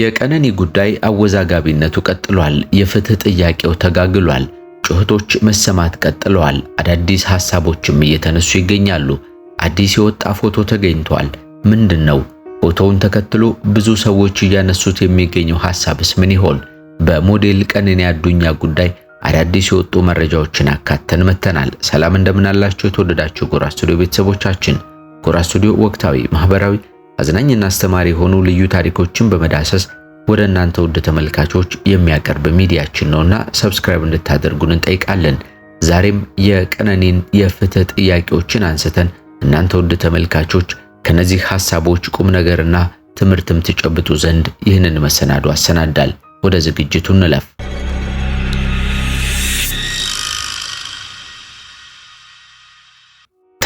የቀነኒ ጉዳይ አወዛጋቢነቱ ቀጥሏል። የፍትህ ጥያቄው ተጋግሏል። ጩኸቶች መሰማት ቀጥለዋል። አዳዲስ ሐሳቦችም እየተነሱ ይገኛሉ። አዲስ የወጣ ፎቶ ተገኝቷል። ምንድን ነው? ፎቶውን ተከትሎ ብዙ ሰዎች እያነሱት የሚገኘው ሐሳብስ ምን ይሆን? በሞዴል ቀነኒ አዱኛ ጉዳይ አዳዲስ የወጡ መረጃዎችን አካተን መተናል። ሰላም እንደምናላችሁ የተወደዳችሁ ጎራ ስቱዲዮ ቤተሰቦቻችን። ጎራ ስቱዲዮ ወቅታዊ፣ ማህበራዊ አዝናኝና አስተማሪ የሆኑ ልዩ ታሪኮችን በመዳሰስ ወደ እናንተ ውድ ተመልካቾች የሚያቀርብ ሚዲያችን ነውና ሰብስክራይብ እንድታደርጉን እንጠይቃለን። ዛሬም የቀነኒን የፍትህ ጥያቄዎችን አንስተን እናንተ ውድ ተመልካቾች ከነዚህ ሐሳቦች ቁም ነገርና ትምህርትም ትጨብጡ ዘንድ ይህንን መሰናዶ አሰናዳል። ወደ ዝግጅቱ እንለፍ።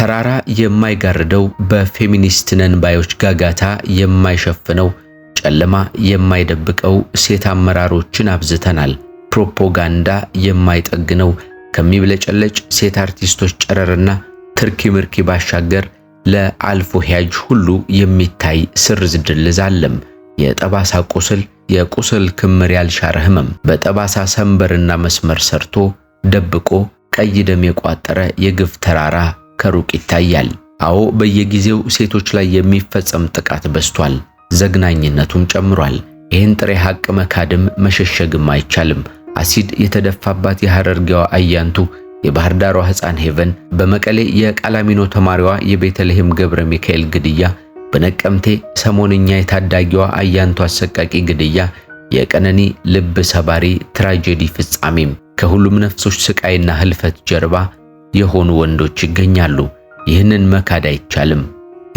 ተራራ የማይጋርደው በፌሚኒስት ነንባዮች ጋጋታ የማይሸፍነው ጨለማ የማይደብቀው ሴት አመራሮችን አብዝተናል። ፕሮፖጋንዳ የማይጠግነው ከሚብለጨለጭ ሴት አርቲስቶች ጨረርና ትርኪ ምርኪ ባሻገር ለአልፎ ሂያጅ ሁሉ የሚታይ ስር ዝድልዝ አለም። የጠባሳ ቁስል የቁስል ክምር ያልሻረ ህመም በጠባሳ ሰንበርና መስመር ሰርቶ ደብቆ ቀይ ደም የቋጠረ የግፍ ተራራ ከሩቅ ይታያል። አዎ በየጊዜው ሴቶች ላይ የሚፈጸም ጥቃት በዝቷል፣ ዘግናኝነቱም ጨምሯል። ይህን ጥሬ ሐቅ መካድም መሸሸግም አይቻልም። አሲድ የተደፋባት የሐረርጌዋ አያንቱ፣ የባህር ዳሯ ሕፃን ሄቨን፣ በመቀሌ የቃላሚኖ ተማሪዋ የቤተልሔም ገብረ ሚካኤል ግድያ፣ በነቀምቴ ሰሞንኛ የታዳጊዋ አያንቱ አሰቃቂ ግድያ፣ የቀነኒ ልብ ሰባሪ ትራጀዲ ፍጻሜም ከሁሉም ነፍሶች ስቃይና ህልፈት ጀርባ የሆኑ ወንዶች ይገኛሉ። ይህንን መካድ አይቻልም።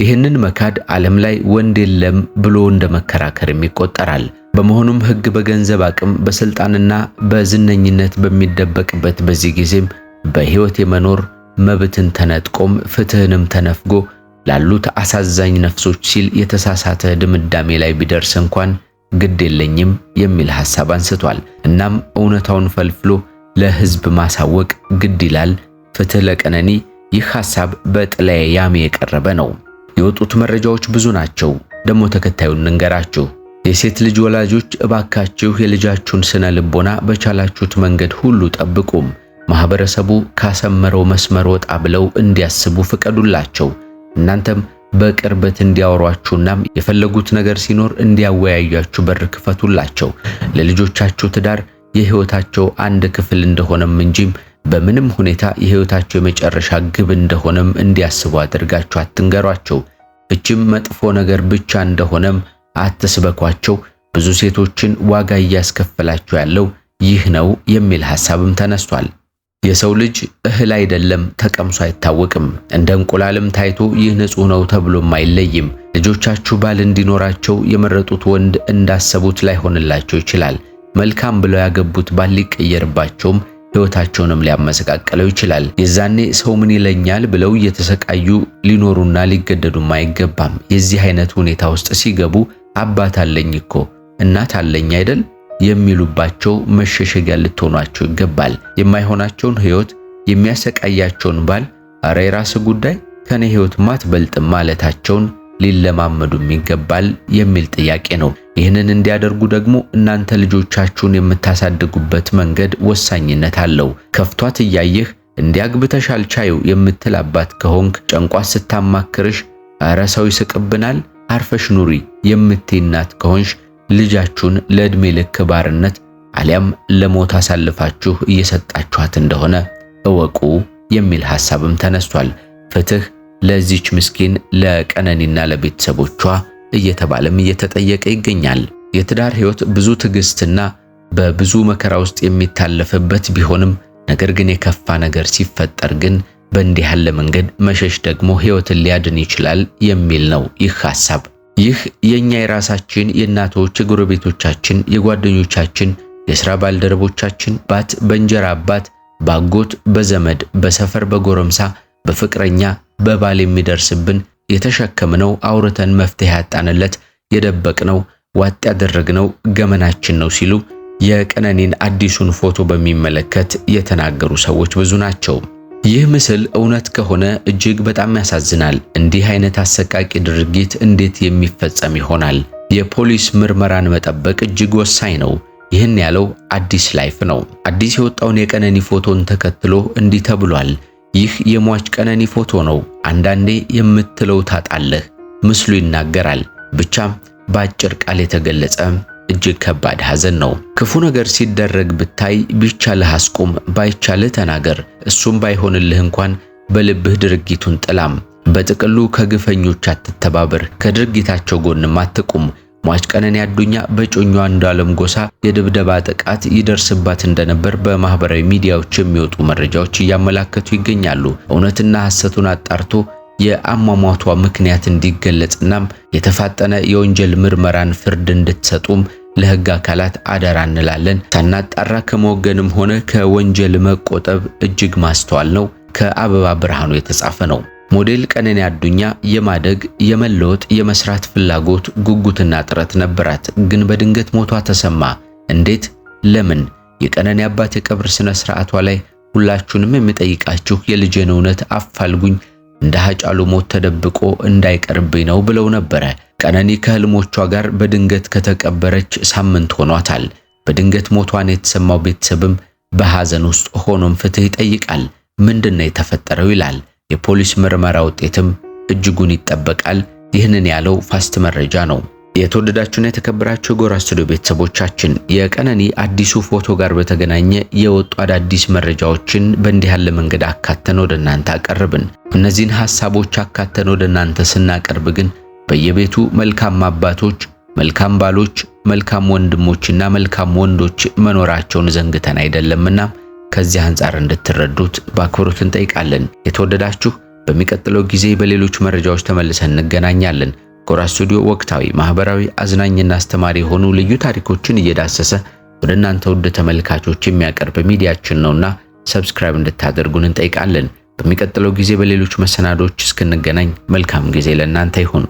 ይህንን መካድ ዓለም ላይ ወንድ የለም ብሎ እንደ መከራከርም ይቆጠራል። በመሆኑም ሕግ በገንዘብ አቅም፣ በስልጣንና በዝነኝነት በሚደበቅበት በዚህ ጊዜም በሕይወት የመኖር መብትን ተነጥቆም ፍትህንም ተነፍጎ ላሉት አሳዛኝ ነፍሶች ሲል የተሳሳተ ድምዳሜ ላይ ቢደርስ እንኳን ግድ የለኝም የሚል ሐሳብ አንስቷል። እናም እውነታውን ፈልፍሎ ለሕዝብ ማሳወቅ ግድ ይላል ፍትህ ለቀነኒ ይህ ሐሳብ በጥላዬ ያሜ የቀረበ ነው። የወጡት መረጃዎች ብዙ ናቸው። ደግሞ ተከታዩን እንገራችሁ። የሴት ልጅ ወላጆች እባካችሁ የልጃችሁን ስነ ልቦና በቻላችሁት መንገድ ሁሉ ጠብቁም። ማህበረሰቡ ካሰመረው መስመር ወጣ ብለው እንዲያስቡ ፍቀዱላቸው። እናንተም በቅርበት እንዲያወሯችሁና የፈለጉት ነገር ሲኖር እንዲያወያያችሁ በር ክፈቱላቸው። ለልጆቻችሁ ትዳር የህይወታቸው አንድ ክፍል እንደሆነም እንጂም በምንም ሁኔታ የህይወታቸው የመጨረሻ ግብ እንደሆነም እንዲያስቡ አድርጋችሁ አትንገሯቸው። እችም መጥፎ ነገር ብቻ እንደሆነም አትስበኳቸው። ብዙ ሴቶችን ዋጋ እያስከፈላቸው ያለው ይህ ነው የሚል ሐሳብም ተነስቷል። የሰው ልጅ እህል አይደለም፣ ተቀምሶ አይታወቅም። እንደ እንቁላልም ታይቶ ይህ ንጹህ ነው ተብሎም አይለይም። ልጆቻችሁ ባል እንዲኖራቸው የመረጡት ወንድ እንዳሰቡት ላይሆንላቸው ይችላል። መልካም ብለው ያገቡት ባል ሊቀየርባቸውም ሕይወታቸውንም ሊያመሰቃቀለው ይችላል። የዛኔ ሰው ምን ይለኛል ብለው እየተሰቃዩ ሊኖሩና ሊገደዱም አይገባም። የዚህ አይነት ሁኔታ ውስጥ ሲገቡ አባት አለኝ እኮ እናት አለኝ አይደል የሚሉባቸው መሸሸጊያ ልትሆኗቸው ይገባል። የማይሆናቸውን ሕይወት የሚያሰቃያቸውን ባል፣ አረ የራስ ጉዳይ ከኔ ሕይወት ማትበልጥ ማለታቸውን ሊለማመዱም ይገባል የሚል ጥያቄ ነው። ይህንን እንዲያደርጉ ደግሞ እናንተ ልጆቻችሁን የምታሳድጉበት መንገድ ወሳኝነት አለው። ከፍቷት እያየህ እንዲያግብተሽ አልቻዩ የምትል አባት ከሆንክ ጨንቋት ስታማክርሽ እረ ሰው ይስቅብናል አርፈሽ ኑሪ የምትይ እናት ከሆንሽ ልጃችሁን ለዕድሜ ልክ ባርነት አሊያም ለሞት አሳልፋችሁ እየሰጣችኋት እንደሆነ እወቁ የሚል ሐሳብም ተነስቷል። ፍትህ ለዚች ምስኪን ለቀነኒና ለቤተሰቦቿ እየተባለም እየተጠየቀ ይገኛል። የትዳር ህይወት ብዙ ትዕግስትና በብዙ መከራ ውስጥ የሚታለፍበት ቢሆንም ነገር ግን የከፋ ነገር ሲፈጠር ግን በእንዲህ ያለ መንገድ መሸሽ ደግሞ ህይወትን ሊያድን ይችላል የሚል ነው ይህ ሐሳብ። ይህ የኛ የራሳችን የእናቶች፣ የጎረቤቶቻችን፣ የጓደኞቻችን፣ የሥራ ባልደረቦቻችን ባት በእንጀራ አባት፣ ባጎት፣ በዘመድ፣ በሰፈር፣ በጎረምሳ በፍቅረኛ በባል የሚደርስብን የተሸከምነው አውርተን መፍትሄ ያጣንለት የደበቅነው ዋጥ ያደረግነው ገመናችን ነው ሲሉ የቀነኒን አዲሱን ፎቶ በሚመለከት የተናገሩ ሰዎች ብዙ ናቸው። ይህ ምስል እውነት ከሆነ እጅግ በጣም ያሳዝናል። እንዲህ አይነት አሰቃቂ ድርጊት እንዴት የሚፈጸም ይሆናል? የፖሊስ ምርመራን መጠበቅ እጅግ ወሳኝ ነው። ይህን ያለው አዲስ ላይፍ ነው። አዲስ የወጣውን የቀነኒ ፎቶን ተከትሎ እንዲህ ተብሏል። ይህ የሟች ቀነኒ ፎቶ ነው። አንዳንዴ የምትለው ታጣለህ፣ ምስሉ ይናገራል። ብቻም በአጭር ቃል የተገለጸ እጅግ ከባድ ሐዘን ነው። ክፉ ነገር ሲደረግ ብታይ ቢቻልህ አስቁም፣ ባይቻልህ ተናገር። እሱም ባይሆንልህ እንኳን በልብህ ድርጊቱን ጥላም። በጥቅሉ ከግፈኞች አትተባበር፣ ከድርጊታቸው ጎንም አትቁም። ሟች ቀነኒ አዱኛ በእጮኛዋ እንዳለም ጎሳ የድብደባ ጥቃት ይደርስባት እንደነበር በማህበራዊ ሚዲያዎች የሚወጡ መረጃዎች እያመላከቱ ይገኛሉ። እውነትና ሐሰቱን አጣርቶ የአሟሟቷ ምክንያት እንዲገለጽናም የተፋጠነ የወንጀል ምርመራን ፍርድ እንድትሰጡም ለህግ አካላት አደራ እንላለን። ሳናጣራ ከመወገንም ሆነ ከወንጀል መቆጠብ እጅግ ማስተዋል ነው። ከአበባ ብርሃኑ የተጻፈ ነው። ሞዴል ቀነኔ አዱኛ የማደግ የመለወጥ የመስራት ፍላጎት ጉጉትና ጥረት ነበራት። ግን በድንገት ሞቷ ተሰማ። እንዴት? ለምን? የቀነኔ አባት የቀብር ስነ ስርዓቷ ላይ ሁላችሁንም የምጠይቃችሁ የልጄን እውነት አፋልጉኝ እንደ ሀጫሉ ሞት ተደብቆ እንዳይቀርብኝ ነው ብለው ነበረ። ቀነኒ ከህልሞቿ ጋር በድንገት ከተቀበረች ሳምንት ሆኗታል። በድንገት ሞቷን የተሰማው ቤተሰብም በሐዘን ውስጥ ሆኖም ፍትህ ይጠይቃል። ምንድነው የተፈጠረው ይላል። የፖሊስ ምርመራ ውጤትም እጅጉን ይጠበቃል። ይህንን ያለው ፋስት መረጃ ነው። የተወደዳችሁና የተከበራችሁ የጎራ ስቱዲዮ ቤተሰቦቻችን የቀነኒ አዲሱ ፎቶ ጋር በተገናኘ የወጡ አዳዲስ መረጃዎችን በእንዲህ ያለ መንገድ አካተን ወደ እናንተ አቀርብን። እነዚህን ሀሳቦች አካተን ወደ እናንተ ስናቀርብ ግን በየቤቱ መልካም አባቶች፣ መልካም ባሎች፣ መልካም ወንድሞችና መልካም ወንዶች መኖራቸውን ዘንግተን አይደለምና ከዚህ አንጻር እንድትረዱት በአክብሮት እንጠይቃለን። የተወደዳችሁ በሚቀጥለው ጊዜ በሌሎች መረጃዎች ተመልሰን እንገናኛለን። ጎራ ስቱዲዮ ወቅታዊ፣ ማህበራዊ፣ አዝናኝና አስተማሪ የሆኑ ልዩ ታሪኮችን እየዳሰሰ ወደ እናንተ ውድ ተመልካቾች የሚያቀርብ ሚዲያችን ነውና ሰብስክራይብ እንድታደርጉን እንጠይቃለን። በሚቀጥለው ጊዜ በሌሎች መሰናዶች እስክንገናኝ መልካም ጊዜ ለእናንተ ይሁን።